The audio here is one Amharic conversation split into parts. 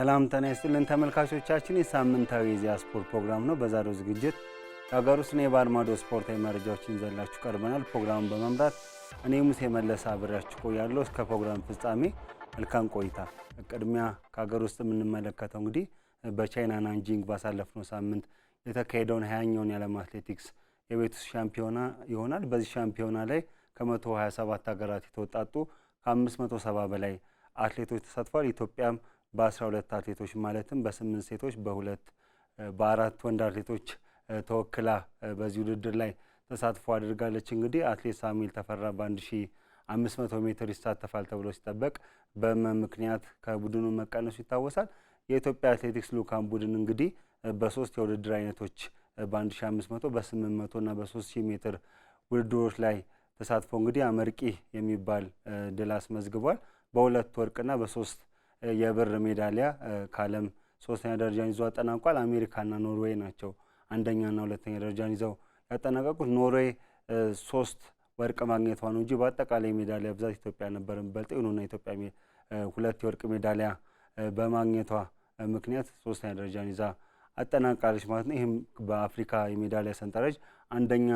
ሰላም ጤና ይስጥልን ተመልካቾቻችን፣ የሳምንታዊ የኢዜአ ስፖርት ፕሮግራም ነው። በዛሬው ዝግጅት ሀገር ውስጥና የባህር ማዶ ስፖርታዊ መረጃዎችን ይዘላችሁ ቀርበናል። ፕሮግራሙን በመምራት እኔ ሙሴ መለሰ አብሬያችሁ ቆያለሁ። እስከ ፕሮግራም ፍጻሜ መልካም ቆይታ። ቅድሚያ ከሀገር ውስጥ የምንመለከተው እንግዲህ በቻይና ናንጂንግ ባሳለፍነው ሳምንት የተካሄደውን ሀያኛውን የዓለም አትሌቲክስ የቤት ውስጥ ሻምፒዮና ይሆናል። በዚህ ሻምፒዮና ላይ ከ127 ሀገራት የተወጣጡ ከ570 በላይ አትሌቶች ተሳትፏል። ኢትዮጵያም በ12 አትሌቶች ማለትም በስምንት ሴቶች በሁለት በአራት ወንድ አትሌቶች ተወክላ በዚህ ውድድር ላይ ተሳትፎ አድርጋለች። እንግዲህ አትሌት ሳሙኤል ተፈራ በ1500 ሜትር ይሳተፋል ተብሎ ሲጠበቅ በህመም ምክንያት ከቡድኑ መቀነሱ ይታወሳል። የኢትዮጵያ አትሌቲክስ ልዑካን ቡድን እንግዲህ በሶስት የውድድር አይነቶች በ1500 በ800 እና በ3000 ሜትር ውድድሮች ላይ ተሳትፎ እንግዲህ አመርቂ የሚባል ድል አስመዝግቧል። በሁለት ወርቅና በሶስት የብር ሜዳሊያ ከዓለም ሶስተኛ ደረጃን ይዞ አጠናቋል። አሜሪካና ኖርዌይ ናቸው አንደኛና ሁለተኛ ደረጃን ይዘው ያጠናቀቁት። ኖርዌይ ሶስት ወርቅ ማግኘቷ ነው እንጂ በአጠቃላይ ሜዳሊያ ብዛት ኢትዮጵያ ነበር በልጥ ይሁኑና ኢትዮጵያ ሁለት የወርቅ ሜዳሊያ በማግኘቷ ምክንያት ሶስተኛ ደረጃን ይዛ አጠናቃለች ማለት ነው። ይህም በአፍሪካ የሜዳሊያ ሰንጠረዥ አንደኛ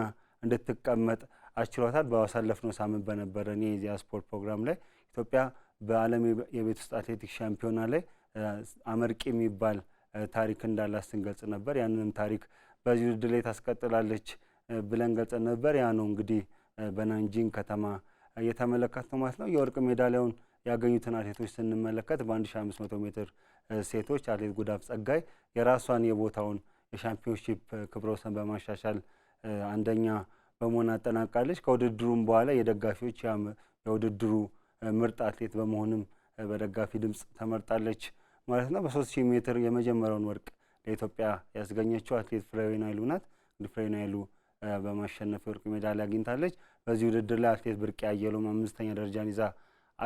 እንድትቀመጥ አስችሏታል። ባሳለፍነው ሳምንት በነበረን የኢዜአ ስፖርት ፕሮግራም ላይ ኢትዮጵያ በዓለም የቤት ውስጥ አትሌቲክስ ሻምፒዮና ላይ አመርቂ የሚባል ታሪክ እንዳላት ስንገልጽ ነበር። ያንንም ታሪክ በዚህ ውድድር ላይ ታስቀጥላለች ብለን ገልጸን ነበር። ያ ነው እንግዲህ በናንጂንግ ከተማ እየተመለከት ነው ማለት ነው። የወርቅ ሜዳሊያውን ያገኙትን አትሌቶች ስንመለከት በ1500 ሜትር ሴቶች አትሌት ጉዳፍ ጸጋይ የራሷን የቦታውን የሻምፒዮንሺፕ ክብረ ወሰን በማሻሻል አንደኛ በመሆን አጠናቃለች። ከውድድሩም በኋላ የደጋፊዎች የውድድሩ ምርጥ አትሌት በመሆንም በደጋፊ ድምፅ ተመርጣለች ማለት ነው። በ3000 ሜትር የመጀመሪያውን ወርቅ ለኢትዮጵያ ያስገኘችው አትሌት ፍሬወይን ኃይሉ ናት። እንግዲህ ፍሬወይን ኃይሉ በማሸነፍ የወርቅ ሜዳሊያ አግኝታለች። በዚህ ውድድር ላይ አትሌት ብርቅ ያየሎም አምስተኛ ደረጃን ይዛ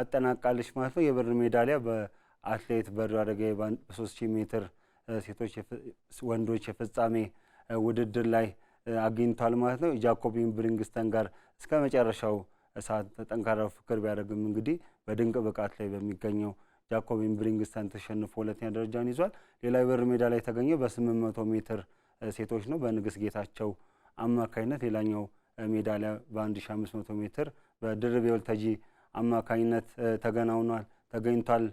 አጠናቃለች ማለት ነው። የብር ሜዳሊያ በአትሌት በዱ አደጋ በ3000 ሜትር ሴቶች ወንዶች የፍጻሜ ውድድር ላይ አግኝቷል ማለት ነው። ጃኮቢን ብሪንግስተን ጋር እስከ መጨረሻው እሳት ጠንካራ ፍቅር ቢያደርግም እንግዲህ በድንቅ ብቃት ላይ በሚገኘው ጃኮብ ኢንብሪንግስተን ተሸንፎ ሁለተኛ ደረጃን ይዟል። ሌላ የብር ሜዳ ላይ የተገኘው በ800 ሜትር ሴቶች ነው በንግስት ጌታቸው አማካኝነት። ሌላኛው ሜዳሊያ በ1500 ሜትር በድርብ የወልተጂ አማካኝነት ተገናውኗል ተገኝቷል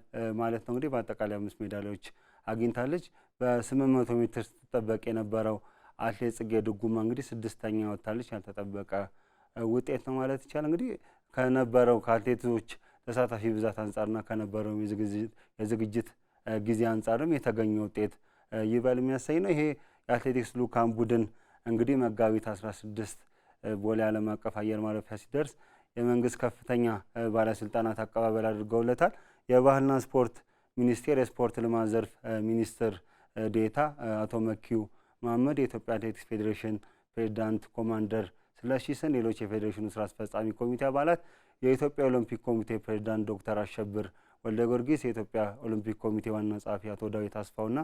ማለት ነው። እንግዲህ በአጠቃላይ አምስት ሜዳሊያዎች አግኝታለች። በ800 ሜትር ስትጠበቅ የነበረው አትሌት ጽጌ ድጉማ እንግዲህ ስድስተኛ ወጥታለች። ያልተጠበቀ ውጤት ነው ማለት ይቻላል። እንግዲህ ከነበረው ከአትሌቶች ተሳታፊ ብዛት አንጻርና ከነበረው የዝግጅት ጊዜ አንጻርም የተገኘ ውጤት ይበል የሚያሳይ ነው። ይሄ የአትሌቲክስ ልዑካን ቡድን እንግዲህ መጋቢት 16 ቦሌ ዓለም አቀፍ አየር ማረፊያ ሲደርስ የመንግስት ከፍተኛ ባለስልጣናት አቀባበል አድርገውለታል። የባህልና ስፖርት ሚኒስቴር የስፖርት ልማት ዘርፍ ሚኒስትር ዴታ አቶ መኪዩ መሀመድ የኢትዮጵያ አትሌቲክስ ፌዴሬሽን ፕሬዚዳንት ኮማንደር ስለሺ ሌሎች የፌዴሬሽኑ ስራ አስፈጻሚ ኮሚቴ አባላት፣ የኢትዮጵያ ኦሎምፒክ ኮሚቴ ፕሬዚዳንት ዶክተር አሸብር ወልደ ጊዮርጊስ፣ የኢትዮጵያ ኦሎምፒክ ኮሚቴ ዋና ጸሐፊ አቶ ዳዊት አስፋውና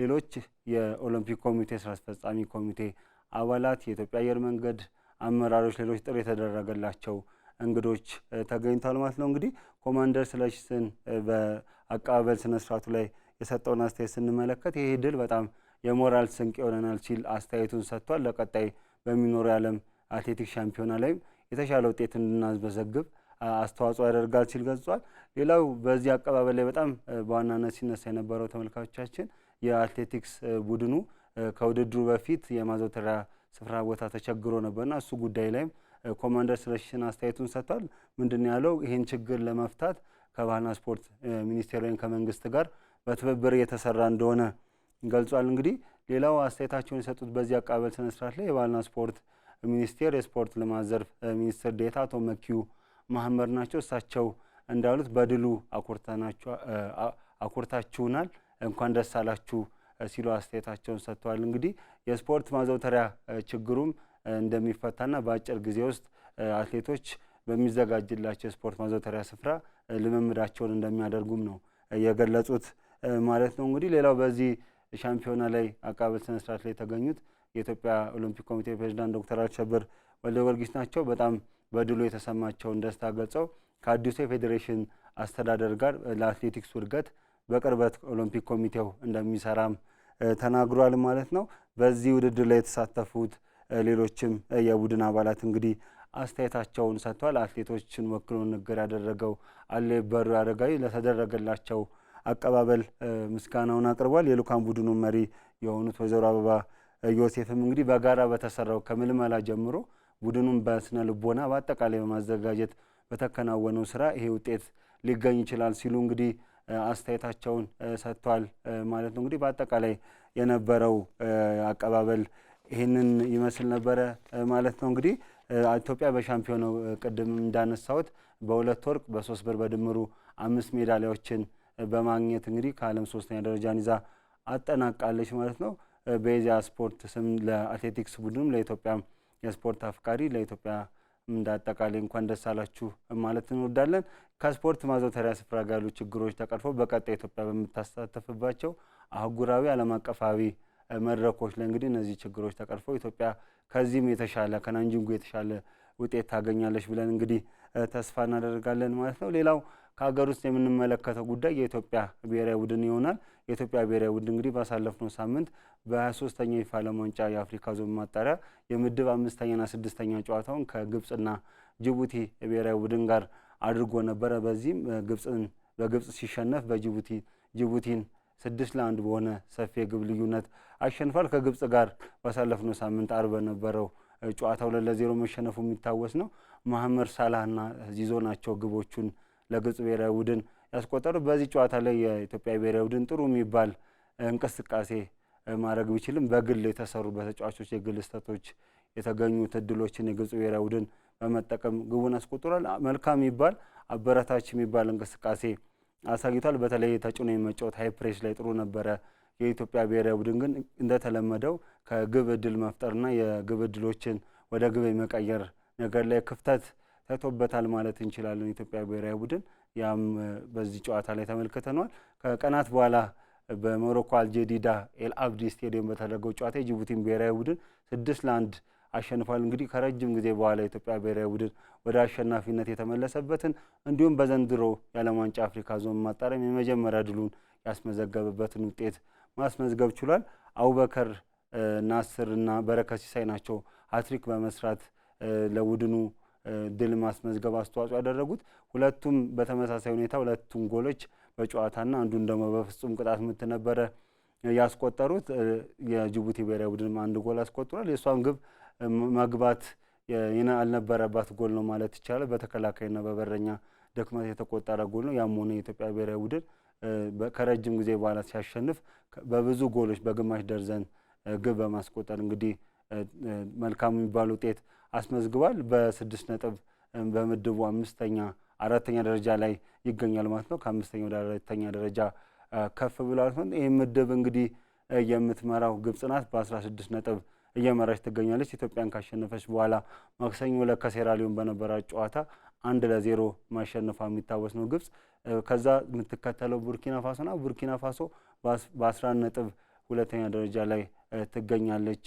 ሌሎች የኦሎምፒክ ኮሚቴ ስራ አስፈጻሚ ኮሚቴ አባላት፣ የኢትዮጵያ አየር መንገድ አመራሮች፣ ሌሎች ጥሪ የተደረገላቸው እንግዶች ተገኝተዋል ማለት ነው። እንግዲህ ኮማንደር ስለሺ ስን በአቀባበል ስነስርዓቱ ላይ የሰጠውን አስተያየት ስንመለከት ይህ ድል በጣም የሞራል ስንቅ ይሆነናል ሲል አስተያየቱን ሰጥቷል። ለቀጣይ በሚኖሩ የዓለም አትሌቲክስ ሻምፒዮና ላይም የተሻለ ውጤት እንድናስመዘግብ አስተዋጽኦ ያደርጋል ሲል ገልጿል። ሌላው በዚህ አቀባበል ላይ በጣም በዋናነት ሲነሳ የነበረው ተመልካቾቻችን የአትሌቲክስ ቡድኑ ከውድድሩ በፊት የማዘውተሪያ ስፍራ ቦታ ተቸግሮ ነበርና እሱ ጉዳይ ላይም ኮማንደር ስለሽን አስተያየቱን ሰጥቷል። ምንድን ያለው ይህን ችግር ለመፍታት ከባህልና ስፖርት ሚኒስቴር ወይም ከመንግስት ጋር በትብብር እየተሰራ እንደሆነ ገልጿል። እንግዲህ ሌላው አስተያየታቸውን የሰጡት በዚህ አቀባበል ስነስርዓት ላይ የባህልና ስፖርት ሚኒስቴር የስፖርት ልማት ዘርፍ ሚኒስትር ዴታ አቶ መኪዩ ማህመድ ናቸው። እሳቸው እንዳሉት በድሉ አኩርታችሁናል፣ እንኳን ደስ አላችሁ ሲሉ አስተያየታቸውን ሰጥተዋል። እንግዲህ የስፖርት ማዘውተሪያ ችግሩም እንደሚፈታና በአጭር ጊዜ ውስጥ አትሌቶች በሚዘጋጅላቸው የስፖርት ማዘውተሪያ ስፍራ ልምምዳቸውን እንደሚያደርጉም ነው የገለጹት ማለት ነው። እንግዲህ ሌላው በዚህ ሻምፒዮና ላይ አቀባበል ስነስርዓት ላይ የተገኙት የኢትዮጵያ ኦሎምፒክ ኮሚቴ ፕሬዚዳንት ዶክተር አሸብር ወልደ ጊዮርጊስ ናቸው። በጣም በድሉ የተሰማቸውን ደስታ ገልጸው ከአዲሱ የፌዴሬሽን አስተዳደር ጋር ለአትሌቲክሱ እድገት በቅርበት ኦሎምፒክ ኮሚቴው እንደሚሰራም ተናግሯል ማለት ነው። በዚህ ውድድር ላይ የተሳተፉት ሌሎችም የቡድን አባላት እንግዲህ አስተያየታቸውን ሰጥተዋል። አትሌቶችን ወክሎ ንግግር ያደረገው አለ በሩ አረጋዊ ለተደረገላቸው አቀባበል ምስጋናውን አቅርቧል። የልዑካን ቡድኑ መሪ የሆኑት ወይዘሮ አበባ ዮሴፍም እንግዲህ በጋራ በተሰራው ከምልመላ ጀምሮ ቡድኑን በስነ ልቦና በአጠቃላይ በማዘጋጀት በተከናወነው ስራ ይሄ ውጤት ሊገኝ ይችላል ሲሉ እንግዲህ አስተያየታቸውን ሰጥቷል ማለት ነው። እንግዲህ በአጠቃላይ የነበረው አቀባበል ይህንን ይመስል ነበረ ማለት ነው። እንግዲህ ኢትዮጵያ በሻምፒዮናው ቅድም እንዳነሳሁት በሁለት ወርቅ በሶስት ብር በድምሩ አምስት ሜዳሊያዎችን በማግኘት እንግዲህ ከዓለም ሶስተኛ ደረጃን ይዛ አጠናቃለች ማለት ነው። በኢዜአ ስፖርት ስም ለአትሌቲክስ ቡድንም ለኢትዮጵያ የስፖርት አፍቃሪ ለኢትዮጵያ እንዳጠቃላይ እንኳን ደስ አላችሁ ማለት እንወዳለን። ከስፖርት ማዘውተሪያ ስፍራ ጋር ያሉ ችግሮች ተቀርፎ በቀጣይ ኢትዮጵያ በምታሳተፍባቸው አህጉራዊ ዓለም አቀፋዊ መድረኮች ላይ እንግዲህ እነዚህ ችግሮች ተቀርፈው ኢትዮጵያ ከዚህም የተሻለ ከናንጂንጉ የተሻለ ውጤት ታገኛለች ብለን እንግዲህ ተስፋ እናደርጋለን ማለት ነው። ሌላው ከሀገር ውስጥ የምንመለከተው ጉዳይ የኢትዮጵያ ብሔራዊ ቡድን ይሆናል። የኢትዮጵያ ብሔራዊ ቡድን እንግዲህ ባሳለፍነው ሳምንት በ23ተኛው የፊፋ ዓለም የአፍሪካ ዞን ማጣሪያ የምድብ አምስተኛና ስድስተኛ ጨዋታውን ከግብፅና ጅቡቲ ብሔራዊ ቡድን ጋር አድርጎ ነበረ። በዚህም ግብፅን በግብፅ ሲሸነፍ በጅቡቲ ጅቡቲን ስድስት ለአንድ በሆነ ሰፊ የግብ ልዩነት አሸንፏል። ከግብፅ ጋር ባሳለፍነው ሳምንት አርብ በነበረው ጨዋታ ሁለት ለዜሮ መሸነፉ የሚታወስ ነው። መሐመድ ሳላህና ዚዞ ናቸው ግቦቹን ለግብፅ ብሔራዊ ቡድን ያስቆጠሩ። በዚህ ጨዋታ ላይ የኢትዮጵያ ብሔራዊ ቡድን ጥሩ የሚባል እንቅስቃሴ ማድረግ ቢችልም በግል የተሰሩ በተጫዋቾች የግል ስህተቶች የተገኙት እድሎችን የግብፅ ብሔራዊ ቡድን በመጠቀም ግቡን አስቆጥሯል። መልካም የሚባል አበረታች የሚባል እንቅስቃሴ አሳይቷል። በተለይ ተጭኖ የመጫወት ሀይ ፕሬስ ላይ ጥሩ ነበረ። የኢትዮጵያ ብሔራዊ ቡድን ግን እንደተለመደው ከግብ እድል መፍጠርና የግብ እድሎችን ወደ ግብ የመቀየር ነገር ላይ ክፍተት ታይቶበታል ማለት እንችላለን። ኢትዮጵያ ብሔራዊ ቡድን ያም በዚህ ጨዋታ ላይ ተመልክተነዋል። ከቀናት በኋላ በሞሮኮ አልጀዲዳ ኤል አብዲ ስቴዲየም በተደረገው ጨዋታ የጅቡቲን ብሔራዊ ቡድን ስድስት ለአንድ አሸንፏል። እንግዲህ ከረጅም ጊዜ በኋላ የኢትዮጵያ ብሔራዊ ቡድን ወደ አሸናፊነት የተመለሰበትን እንዲሁም በዘንድሮ የዓለም ዋንጫ አፍሪካ ዞን ማጣሪያም የመጀመሪያ ድሉን ያስመዘገበበትን ውጤት ማስመዝገብ ችሏል። አቡበከር ናስር እና በረከት ሲሳይ ናቸው ሀትሪክ በመስራት ለቡድኑ ድል ማስመዝገብ አስተዋጽኦ ያደረጉት። ሁለቱም በተመሳሳይ ሁኔታ ሁለቱም ጎሎች በጨዋታና አንዱን ደግሞ በፍጹም ቅጣት ምት ነበረ ያስቆጠሩት። የጅቡቲ ብሔራዊ ቡድንም አንድ ጎል አስቆጥሯል። የእሷም ግብ መግባት ያልነበረባት ጎል ነው ማለት ይቻላል። በተከላካይና በበረኛ ደክመት የተቆጠረ ጎል ነው። ያም ሆነ የኢትዮጵያ ብሔራዊ ቡድን ከረጅም ጊዜ በኋላ ሲያሸንፍ በብዙ ጎሎች በግማሽ ደርዘን ግብ በማስቆጠር እንግዲህ መልካም የሚባል ውጤት አስመዝግቧል። በስድስት ነጥብ በምድቡ አምስተኛ አራተኛ ደረጃ ላይ ይገኛል ማለት ነው። ከአምስተኛ ወደ አራተኛ ደረጃ ከፍ ብሏል ይህ ምድብ እንግዲህ የምትመራው ግብጽ ናት። በ16 ነጥብ እየመራች ትገኛለች። ኢትዮጵያን ካሸነፈች በኋላ ማክሰኞ ዕለት ከሴራሊዮን በነበራት ጨዋታ አንድ ለዜሮ ማሸነፏ የሚታወስ ነው። ግብጽ ከዛ የምትከተለው ቡርኪና ፋሶ ና ቡርኪና ፋሶ በ11 ነጥብ ሁለተኛ ደረጃ ላይ ትገኛለች።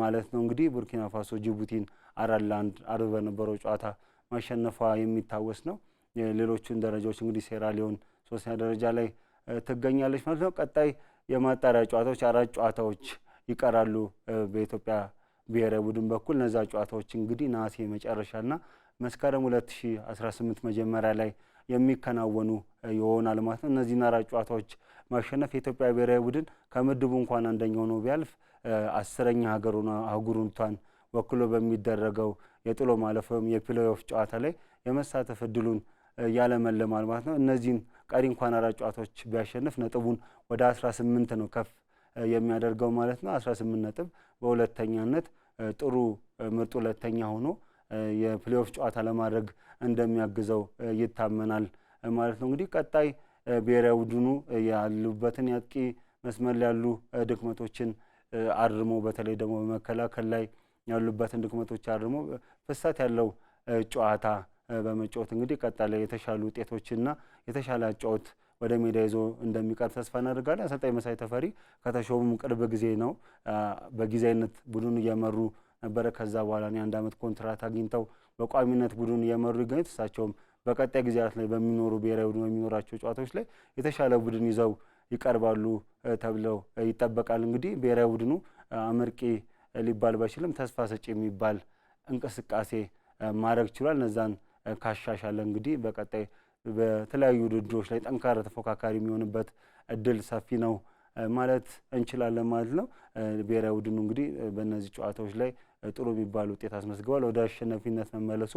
ማለት ነው። እንግዲህ ቡርኪና ፋሶ ጅቡቲን አራት ለአንድ አርብ በነበረው ጨዋታ ማሸነፏ የሚታወስ ነው። ሌሎቹን ደረጃዎች እንግዲህ ሊዮን ሶስተኛ ደረጃ ላይ ትገኛለች ማለት ነው። ቀጣይ የማጣሪያ ጨዋታዎች አራት ጨዋታዎች ይቀራሉ በኢትዮጵያ ብሔራዊ ቡድን በኩል እነዛ ጨዋታዎች እንግዲህ ነሐሴ መጨረሻና መስከረም 2018 መጀመሪያ ላይ የሚከናወኑ ይሆናል ማለት ነው። እነዚህን አራት ጨዋታዎች ማሸነፍ የኢትዮጵያ ብሔራዊ ቡድን ከምድቡ እንኳን አንደኛ ሆኖ ቢያልፍ አስረኛ ሀገሩን አህጉሩንቷን ወክሎ በሚደረገው የጥሎ ማለፍ ወይም የፕሌይኦፍ ጨዋታ ላይ የመሳተፍ እድሉን ያለመልማል ማለት ነው። እነዚህን ቀሪ እንኳን አራት ጨዋታዎች ቢያሸንፍ ነጥቡን ወደ 18 ነው ከፍ የሚያደርገው ማለት ነው። 18 ነጥብ በሁለተኛነት ጥሩ ምርጥ ሁለተኛ ሆኖ የፕሌይኦፍ ጨዋታ ለማድረግ እንደሚያግዘው ይታመናል ማለት ነው። እንግዲህ ቀጣይ ብሔራዊ ቡድኑ ያሉበትን የአጥቂ መስመር ያሉ ድክመቶችን አርሞ በተለይ ደግሞ በመከላከል ላይ ያሉበትን ድክመቶች አርሞ ፍሰት ያለው ጨዋታ በመጫወት እንግዲህ ቀጣለ የተሻሉ ውጤቶችና የተሻለ አጫወት ወደ ሜዳ ይዞ እንደሚቀርብ ተስፋ እናደርጋለን። አሰልጣኝ መሳይ ተፈሪ ከተሾሙም ቅርብ ጊዜ ነው። በጊዜያዊነት ቡድን እየመሩ ነበረ። ከዛ በኋላ የአንድ ዓመት ኮንትራት አግኝተው በቋሚነት ቡድን እየመሩ ይገኙት። እሳቸውም በቀጣይ ጊዜያት ላይ በሚኖሩ ብሔራዊ ቡድን በሚኖራቸው ጨዋታዎች ላይ የተሻለ ቡድን ይዘው ይቀርባሉ ተብለው ይጠበቃል። እንግዲህ ብሔራዊ ቡድኑ አመርቂ ሊባል ባይችልም ተስፋ ሰጪ የሚባል እንቅስቃሴ ማድረግ ችሏል። እነዛን ካሻሻለ እንግዲህ በቀጣይ በተለያዩ ውድድሮች ላይ ጠንካራ ተፎካካሪ የሚሆንበት እድል ሰፊ ነው ማለት እንችላለን ማለት ነው። ብሔራዊ ቡድኑ እንግዲህ በእነዚህ ጨዋታዎች ላይ ጥሩ የሚባል ውጤት አስመዝግቧል። ወደ አሸናፊነት መመለሱ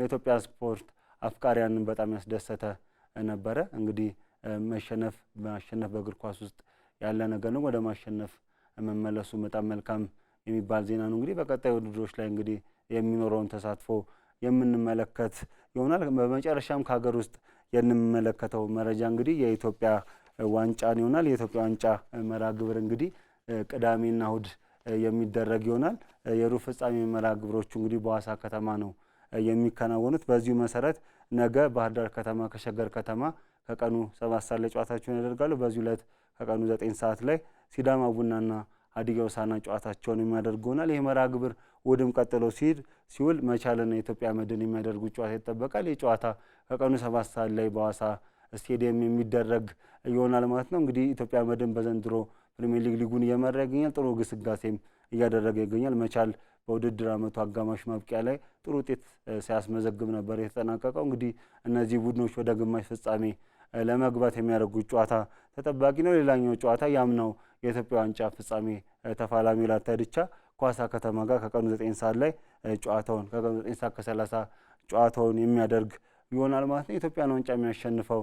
የኢትዮጵያ ስፖርት አፍቃሪያንን በጣም ያስደሰተ ነበረ እንግዲህ መሸነፍ ማሸነፍ በእግር ኳስ ውስጥ ያለ ነገር ነው። ወደ ማሸነፍ መመለሱ በጣም መልካም የሚባል ዜና ነው። እንግዲህ በቀጣይ ውድድሮች ላይ እንግዲህ የሚኖረውን ተሳትፎ የምንመለከት ይሆናል። በመጨረሻም ከሀገር ውስጥ የምንመለከተው መረጃ እንግዲህ የኢትዮጵያ ዋንጫን ይሆናል። የኢትዮጵያ ዋንጫ መርሃ ግብር እንግዲህ ቅዳሜና እሁድ የሚደረግ ይሆናል። የሩብ ፍጻሜ መርሃ ግብሮቹ እንግዲህ በሐዋሳ ከተማ ነው የሚከናወኑት። በዚሁ መሰረት ነገ ባህር ዳር ከተማ ከሸገር ከተማ ከቀኑ ሰባት ሰዓት ላይ ጨዋታቸውን ያደርጋሉ። በዚህ ዕለት ከቀኑ ዘጠኝ ሰዓት ላይ ሲዳማ ቡናና ሀዲያ ሆሳዕና ጨዋታቸውን የሚያደርጉ ይሆናል። ይህ መርሃ ግብር ውድም ቀጥሎ ሲሄድ ሲውል መቻልና የኢትዮጵያ መድን የሚያደርጉ ጨዋታ ይጠበቃል። ይህ ጨዋታ ከቀኑ ሰባት ሰዓት ላይ በሐዋሳ ስቴዲየም የሚደረግ ይሆናል ማለት ነው። እንግዲህ ኢትዮጵያ መድን በዘንድሮ ፕሪሚየር ሊግ ሊጉን እየመራ ይገኛል። ጥሩ ግስጋሴም እያደረገ ይገኛል። መቻል በውድድር ዓመቱ አጋማሽ ማብቂያ ላይ ጥሩ ውጤት ሲያስመዘግብ ነበር የተጠናቀቀው። እንግዲህ እነዚህ ቡድኖች ወደ ግማሽ ፍጻሜ ለመግባት የሚያደርጉት ጨዋታ ተጠባቂ ነው። ሌላኛው ጨዋታ ያም ነው የኢትዮጵያ ዋንጫ ፍጻሜ ተፋላሚ ላታ ድቻ ኳሳ ከተማ ጋር ከቀኑ 9 ሰዓት ላይ ጨዋታውን ከቀኑ 9 ሰዓት ከ30 ጨዋታውን የሚያደርግ ይሆናል ማለት ነው። ኢትዮጵያን ዋንጫ የሚያሸንፈው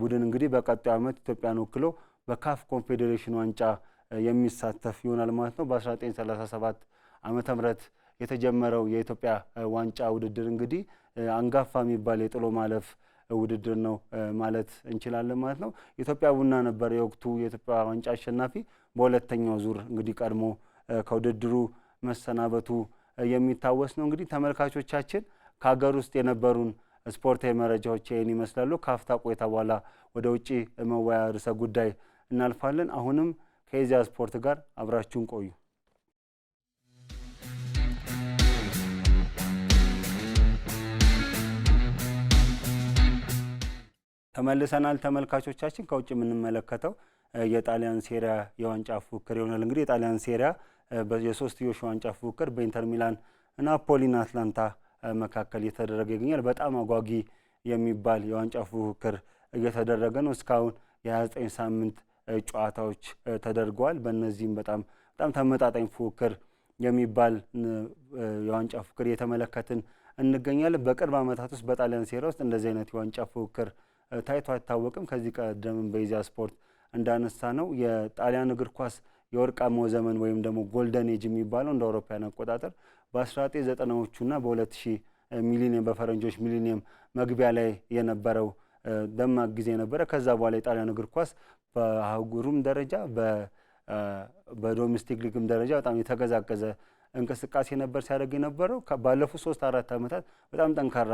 ቡድን እንግዲህ በቀጣዩ ዓመት ኢትዮጵያን ወክሎ በካፍ ኮንፌዴሬሽን ዋንጫ የሚሳተፍ ይሆናል ማለት ነው። በ1937 ዓመተ ምህረት የተጀመረው የኢትዮጵያ ዋንጫ ውድድር እንግዲህ አንጋፋ የሚባል የጥሎ ማለፍ ውድድር ነው ማለት እንችላለን ማለት ነው። ኢትዮጵያ ቡና ነበር የወቅቱ የኢትዮጵያ ዋንጫ አሸናፊ። በሁለተኛው ዙር እንግዲህ ቀድሞ ከውድድሩ መሰናበቱ የሚታወስ ነው። እንግዲህ ተመልካቾቻችን ከሀገር ውስጥ የነበሩን ስፖርታዊ መረጃዎች ይህን ይመስላሉ። ከአፍታ ቆይታ በኋላ ወደ ውጭ መወያ ርዕሰ ጉዳይ እናልፋለን። አሁንም ከኢዜአ ስፖርት ጋር አብራችሁን ቆዩ። ተመልሰናል ተመልካቾቻችን። ከውጭ የምንመለከተው የጣሊያን ሴሪያ የዋንጫ ፉክክር ይሆናል። እንግዲህ የጣሊያን ሴሪያ የሶስትዮሽ ዋንጫ ፉክክር በኢንተር ሚላን፣ ናፖሊና አትላንታ መካከል እየተደረገ ይገኛል። በጣም አጓጊ የሚባል የዋንጫ ፉክክር እየተደረገ ነው። እስካሁን የ29 ሳምንት ጨዋታዎች ተደርገዋል። በእነዚህም በጣም በጣም ተመጣጣኝ ፉክክር የሚባል የዋንጫ ፉክክር እየተመለከትን እንገኛለን። በቅርብ ዓመታት ውስጥ በጣሊያን ሴሪያ ውስጥ እንደዚህ አይነት የዋንጫ ፉክክር ታይቶ አይታወቅም። ከዚህ ቀደም በኢዜአ ስፖርት እንዳነሳ ነው የጣሊያን እግር ኳስ የወርቃማው ዘመን ወይም ደግሞ ጎልደን ኤጅ የሚባለው እንደ አውሮፓውያን አቆጣጠር በ1990ዎቹና በ2000 ሚሊኒየም በፈረንጆች ሚሊኒየም መግቢያ ላይ የነበረው ደማቅ ጊዜ ነበረ። ከዛ በኋላ የጣሊያን እግር ኳስ በአህጉሩም ደረጃ በዶሜስቲክ ሊግም ደረጃ በጣም የተቀዛቀዘ እንቅስቃሴ ነበር ሲያደርግ የነበረው። ባለፉት ሶስት አራት ዓመታት በጣም ጠንካራ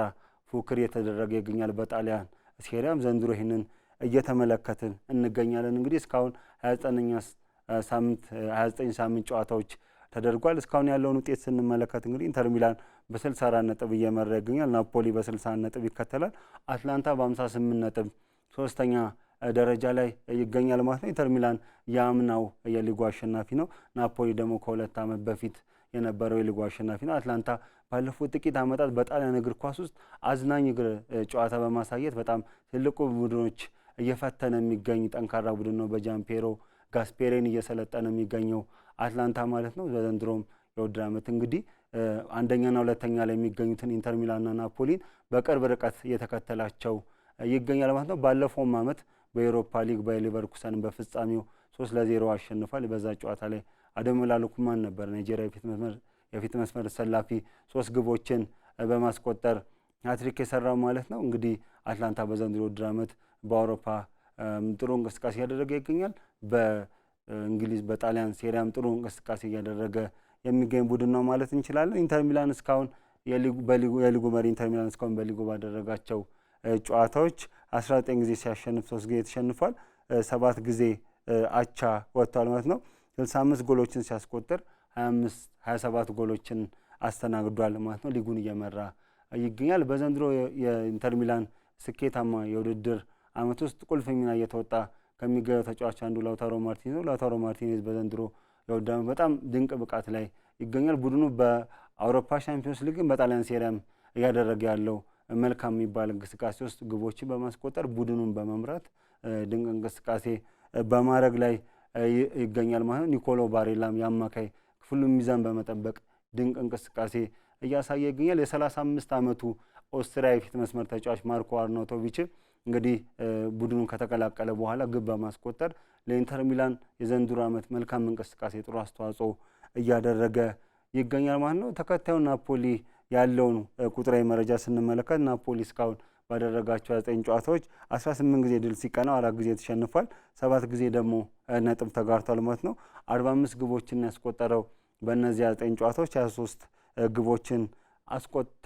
ፉክር እየተደረገ ይገኛል በጣሊያን ስቴዲየም ዘንድሮ ይህንን እየተመለከትን እንገኛለን። እንግዲህ እስካሁን 29ኛ ሳምንት 29 ሳምንት ጨዋታዎች ተደርጓል። እስካሁን ያለውን ውጤት ስንመለከት እንግዲህ ኢንተር ሚላን በ64 ነጥብ እየመራ ይገኛል። ናፖሊ በ60 ነጥብ ይከተላል። አትላንታ በ58 ነጥብ ሶስተኛ ደረጃ ላይ ይገኛል ማለት ነው። ኢንተር ሚላን የአምናው የሊጉ አሸናፊ ነው። ናፖሊ ደግሞ ከሁለት ዓመት በፊት የነበረው የሊጉ አሸናፊ ነው። አትላንታ ባለፉት ጥቂት ዓመታት በጣሊያን እግር ኳስ ውስጥ አዝናኝ እግር ጨዋታ በማሳየት በጣም ትልቁ ቡድኖች እየፈተነ የሚገኝ ጠንካራ ቡድን ነው። በጃምፔሮ ጋስፔሬን እየሰለጠነ የሚገኘው አትላንታ ማለት ነው። በዘንድሮም የውድድር ዓመት እንግዲህ አንደኛና ሁለተኛ ላይ የሚገኙትን ኢንተር ሚላንና ናፖሊን በቅርብ ርቀት እየተከተላቸው ይገኛል ማለት ነው። ባለፈውም ዓመት በኤሮፓ ሊግ ባየር በፍጻሜው ሶስት ለዜሮ አሸንፏል። በዛ ጨዋታ ላይ አደም ላልኩማን ነበር ናይጄሪያ የፊት መስመር ሰላፊ ሶስት ግቦችን በማስቆጠር ሀትሪክ የሰራው ማለት ነው። እንግዲህ አትላንታ በዘንድሮ ውድድር ዓመት በአውሮፓ ጥሩ እንቅስቃሴ እያደረገ ይገኛል። በእንግሊዝ በጣሊያን ሴሪያም ጥሩ እንቅስቃሴ እያደረገ የሚገኝ ቡድን ነው ማለት እንችላለን። ኢንተር ሚላን እስካሁን የሊጉ መሪ ኢንተር ሚላን እስካሁን በሊጉ ባደረጋቸው ጨዋታዎች 19 ጊዜ ሲያሸንፍ ሶስት ጊዜ ተሸንፏል። ሰባት ጊዜ አቻ ወጥቷል ማለት ነው። 65 ጎሎችን ሲያስቆጥር 25 27 ጎሎችን አስተናግዷል ማለት ነው። ሊጉን እየመራ ይገኛል። በዘንድሮ የኢንተር ሚላን ስኬታማ የውድድር ዓመት ውስጥ ቁልፍ ሚና እየተወጣ ከሚገኘው ተጫዋች አንዱ ላውታሮ ማርቲኔዝ ነው። ላውታሮ ማርቲኔዝ በዘንድሮ የወዳ በጣም ድንቅ ብቃት ላይ ይገኛል። ቡድኑ በአውሮፓ ሻምፒዮንስ ሊግ በጣሊያን ሴሪያም እያደረገ ያለው መልካም የሚባል እንቅስቃሴ ውስጥ ግቦችን በማስቆጠር ቡድኑን በመምራት ድንቅ እንቅስቃሴ በማድረግ ላይ ይገኛል ማለት ነው። ኒኮሎ ባሬላም የአማካይ ክፍሉ ሚዛን በመጠበቅ ድንቅ እንቅስቃሴ እያሳየ ይገኛል። የ35 ዓመቱ ኦስትሪያ የፊት መስመር ተጫዋች ማርኮ አርኖቶቪች እንግዲህ ቡድኑን ከተቀላቀለ በኋላ ግብ በማስቆጠር ለኢንተር ሚላን የዘንድሮ ዓመት መልካም እንቅስቃሴ ጥሩ አስተዋጽኦ እያደረገ ይገኛል ማለት ነው። ተከታዩ ናፖሊ ያለውን ቁጥራዊ መረጃ ስንመለከት ናፖሊ እስካሁን ባደረጋቸው 9 ጨዋታዎች 18 ጊዜ ድል ሲቀናው አራት ጊዜ ተሸንፏል። ሰባት ጊዜ ደግሞ ነጥብ ተጋርቷል ማለት ነው። 45 ግቦችን ያስቆጠረው በእነዚያ 9 ጨዋታዎች 23 ግቦችን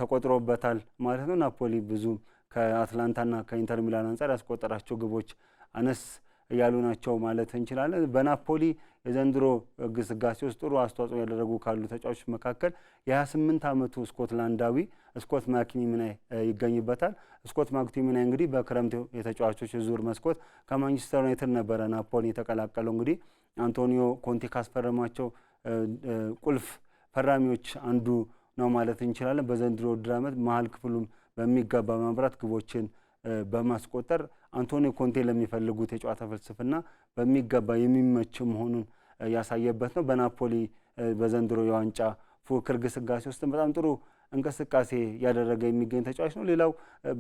ተቆጥሮበታል ማለት ነው። ናፖሊ ብዙ ከአትላንታና ከኢንተር ሚላን አንጻር ያስቆጠራቸው ግቦች አነስ እያሉ ናቸው ማለት እንችላለን። በናፖሊ የዘንድሮ ግስጋሴ ውስጥ ጥሩ አስተዋጽኦ ያደረጉ ካሉ ተጫዋቾች መካከል የ28 ዓመቱ ስኮትላንዳዊ ስኮት ማክቲሚናይ ይገኝበታል። ስኮት ማክቲሚናይ እንግዲህ በክረምት የተጫዋቾች ዙር መስኮት ከማንቸስተር ዩናይትድ ነበረ ናፖሊ የተቀላቀለው። እንግዲህ አንቶኒዮ ኮንቴ ካስፈረማቸው ቁልፍ ፈራሚዎች አንዱ ነው ማለት እንችላለን። በዘንድሮ ውድድር ዓመት መሀል ክፍሉም በሚገባ በመምራት ግቦችን በማስቆጠር አንቶኒ ኮንቴ ለሚፈልጉት የጨዋታ ፍልስፍና በሚገባ የሚመች መሆኑን ያሳየበት ነው። በናፖሊ በዘንድሮ የዋንጫ ፉክክር ግስጋሴ ውስጥም በጣም ጥሩ እንቅስቃሴ እያደረገ የሚገኝ ተጫዋች ነው። ሌላው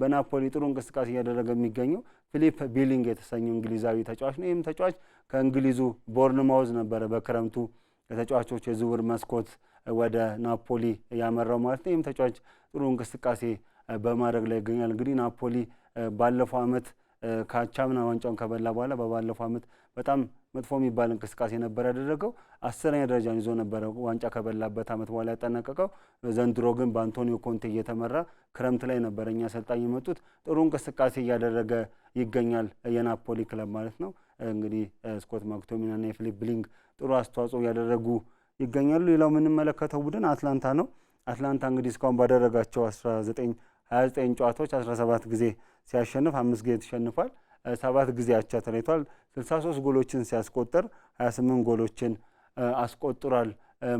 በናፖሊ ጥሩ እንቅስቃሴ እያደረገ የሚገኘው ፊሊፕ ቢሊንግ የተሰኘው እንግሊዛዊ ተጫዋች ነው። ይህም ተጫዋች ከእንግሊዙ ቦርንማውዝ ነበረ በክረምቱ የተጫዋቾች የዝውውር መስኮት ወደ ናፖሊ ያመራው ማለት ነው። ይህም ተጫዋች ጥሩ እንቅስቃሴ በማድረግ ላይ ይገኛል። እንግዲህ ናፖሊ ባለፈው ዓመት ካቻምና ዋንጫውን ከበላ በኋላ በባለፈው ዓመት በጣም መጥፎ የሚባል እንቅስቃሴ ነበር ያደረገው። አስረኛ ደረጃን ይዞ ነበረ ዋንጫ ከበላበት ዓመት በኋላ ያጠናቀቀው። ዘንድሮ ግን በአንቶኒዮ ኮንቴ እየተመራ ክረምት ላይ ነበረ እኛ አሰልጣኝ የመጡት ጥሩ እንቅስቃሴ እያደረገ ይገኛል የናፖሊ ክለብ ማለት ነው። እንግዲህ ስኮት ማክቶሚናና የፊሊፕ ብሊንግ ጥሩ አስተዋጽኦ እያደረጉ ይገኛሉ። ሌላው የምንመለከተው ቡድን አትላንታ ነው። አትላንታ እንግዲህ እስካሁን ባደረጋቸው 19 29 ጨዋታዎች 17 ጊዜ ሲያሸንፍ አምስት ጊዜ ተሸንፏል። ሰባት ጊዜ አቻ ተለይቷል። 63 ጎሎችን ሲያስቆጥር 28 ጎሎችን አስቆጥሯል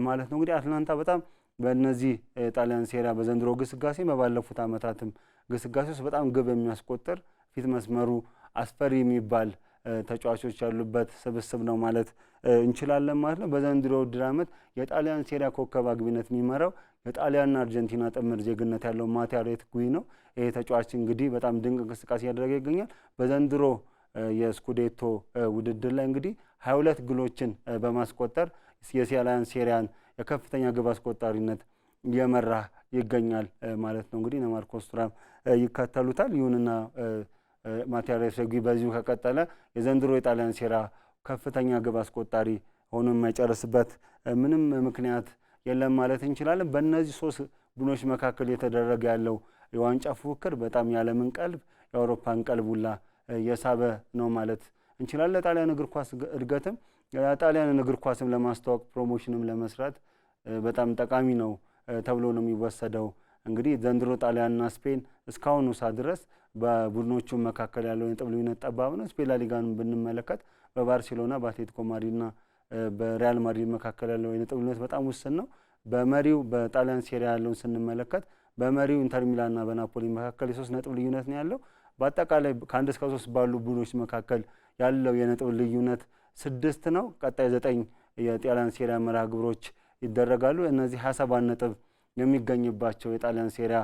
ማለት ነው። እንግዲህ አትላንታ በጣም በእነዚህ ጣሊያን ሴራ በዘንድሮ ግስጋሴ በባለፉት ዓመታትም ግስጋሴ ውስጥ በጣም ግብ የሚያስቆጥር ፊት መስመሩ አስፈሪ የሚባል ተጫዋቾች ያሉበት ስብስብ ነው ማለት እንችላለን ማለት ነው። በዘንድሮ ውድድር ዓመት የጣሊያን ሴሪያ ኮከብ አግቢነት የሚመራው የጣሊያንና አርጀንቲና ጥምር ዜግነት ያለው ማቲያ ሬትጉይ ነው። ይሄ ተጫዋች እንግዲህ በጣም ድንቅ እንቅስቃሴ እያደረገ ይገኛል። በዘንድሮ የስኩዴቶ ውድድር ላይ እንግዲህ ሀያ ሁለት ግሎችን በማስቆጠር የጣሊያን ሴሪያን የከፍተኛ ግብ አስቆጣሪነት እየመራ ይገኛል ማለት ነው። እንግዲህ እነ ቱራም ይከተሉታል። ይሁንና ማቴዎስ ሴጉ በዚሁ ከቀጠለ የዘንድሮ የጣሊያን ሴራ ከፍተኛ ግብ አስቆጣሪ ሆኖ የማይጨርስበት ምንም ምክንያት የለም ማለት እንችላለን። በእነዚህ ሶስት ቡድኖች መካከል የተደረገ ያለው የዋንጫ ፉክክር በጣም የዓለምን ቀልብ የአውሮፓን ቀልብ ሁላ የሳበ ነው ማለት እንችላለን። ለጣሊያን እግር ኳስ እድገትም ጣሊያንን እግር ኳስም ለማስተዋወቅ ፕሮሞሽንም ለመስራት በጣም ጠቃሚ ነው ተብሎ ነው የሚወሰደው። እንግዲህ ዘንድሮ ጣሊያንና ስፔን እስካሁኑ ውሳ ድረስ በቡድኖቹ መካከል ያለው የነጥብ ልዩነት ጠባብ ነው። ስፔን ላሊጋን ብንመለከት በባርሴሎና በአትሌቲኮ ማድሪድና በሪያል ማድሪድ መካከል ያለው የነጥብ ልዩነት በጣም ውስን ነው። በመሪው በጣሊያን ሴሪያ ያለውን ስንመለከት በመሪው ኢንተር ሚላንና በናፖሊ መካከል የሶስት ነጥብ ልዩነት ነው ያለው። በአጠቃላይ ከአንድ እስከ ሶስት ባሉ ቡድኖች መካከል ያለው የነጥብ ልዩነት ስድስት ነው። ቀጣይ ዘጠኝ የጣሊያን ሴሪያ መርሃ ግብሮች ይደረጋሉ። እነዚህ ሀያ ሰባት ነጥብ የሚገኝባቸው የጣሊያን ሴሪያ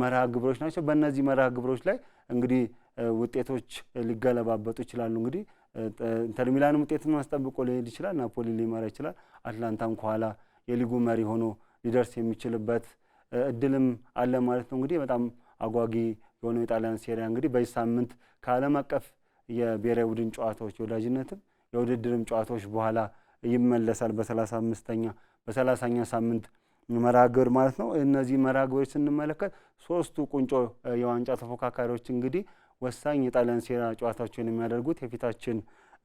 መርሃ ግብሮች ናቸው። በእነዚህ መርሃ ግብሮች ላይ እንግዲህ ውጤቶች ሊገለባበጡ ይችላሉ። እንግዲህ ኢንተር ውጤት ውጤትን አስጠብቆ ሊሄድ ይችላል። ናፖሊ ሊመራ ይችላል። አትላንታም ከኋላ የሊጉ መሪ ሆኖ ሊደርስ የሚችልበት እድልም አለ ማለት ነው። እንግዲህ በጣም አጓጊ የሆነው የጣሊያን ሴሪያ እንግዲህ በዚህ ሳምንት ከዓለም አቀፍ የብሔራዊ ቡድን ጨዋታዎች የወዳጅነትም የውድድርም ጨዋታዎች በኋላ ይመለሳል በሰላሳ አምስተኛ በሰላሳኛ ሳምንት መራግብር ማለት ነው። እነዚህ መራግብሮች ስንመለከት ሶስቱ ቁንጮ የዋንጫ ተፎካካሪዎች እንግዲህ ወሳኝ የጣሊያን ሴራ ጨዋታዎችን የሚያደርጉት የፊታችን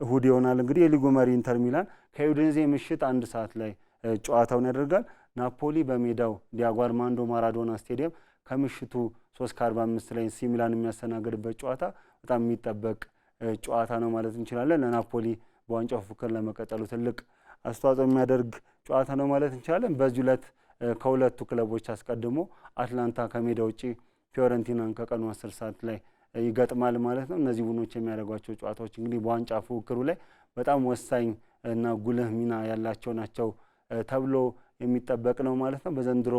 እሁድ ይሆናል። እንግዲህ የሊጉ መሪ ኢንተር ሚላን ከዩዲኔዜ ምሽት አንድ ሰዓት ላይ ጨዋታውን ያደርጋል። ናፖሊ በሜዳው ዲያጎ አርማንዶ ማራዶና ስቴዲየም ከምሽቱ 3 ከ45 ላይ ሲ ሚላን የሚያስተናግድበት ጨዋታ በጣም የሚጠበቅ ጨዋታ ነው ማለት እንችላለን። ለናፖሊ በዋንጫው ፉክክር ለመቀጠሉ ትልቅ አስተዋጽኦ የሚያደርግ ጨዋታ ነው ማለት እንችላለን። በዚህ ዕለት ከሁለቱ ክለቦች አስቀድሞ አትላንታ ከሜዳ ውጪ ፊዮረንቲናን ከቀኑ አስር ሰዓት ላይ ይገጥማል ማለት ነው። እነዚህ ቡድኖች የሚያደርጓቸው ጨዋታዎች እንግዲህ በዋንጫ ፉክክሩ ላይ በጣም ወሳኝ እና ጉልህ ሚና ያላቸው ናቸው ተብሎ የሚጠበቅ ነው ማለት ነው። በዘንድሮ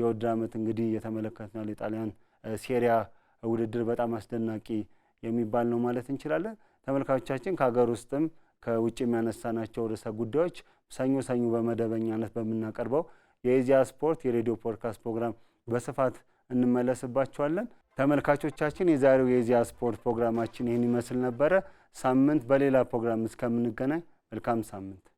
የውድድር ዓመት እንግዲህ የተመለከትነው የጣሊያን ሴሪያ ውድድር በጣም አስደናቂ የሚባል ነው ማለት እንችላለን። ተመልካቾቻችን ከሀገር ውስጥም ከውጭ የሚያነሳናቸው ርዕሰ ጉዳዮች ሰኞ ሰኞ በመደበኛነት በምናቀርበው የኢዜአ ስፖርት የሬዲዮ ፖድካስት ፕሮግራም በስፋት እንመለስባቸዋለን። ተመልካቾቻችን የዛሬው የኢዜአ ስፖርት ፕሮግራማችን ይህን ይመስል ነበረ። ሳምንት በሌላ ፕሮግራም እስከምንገናኝ መልካም ሳምንት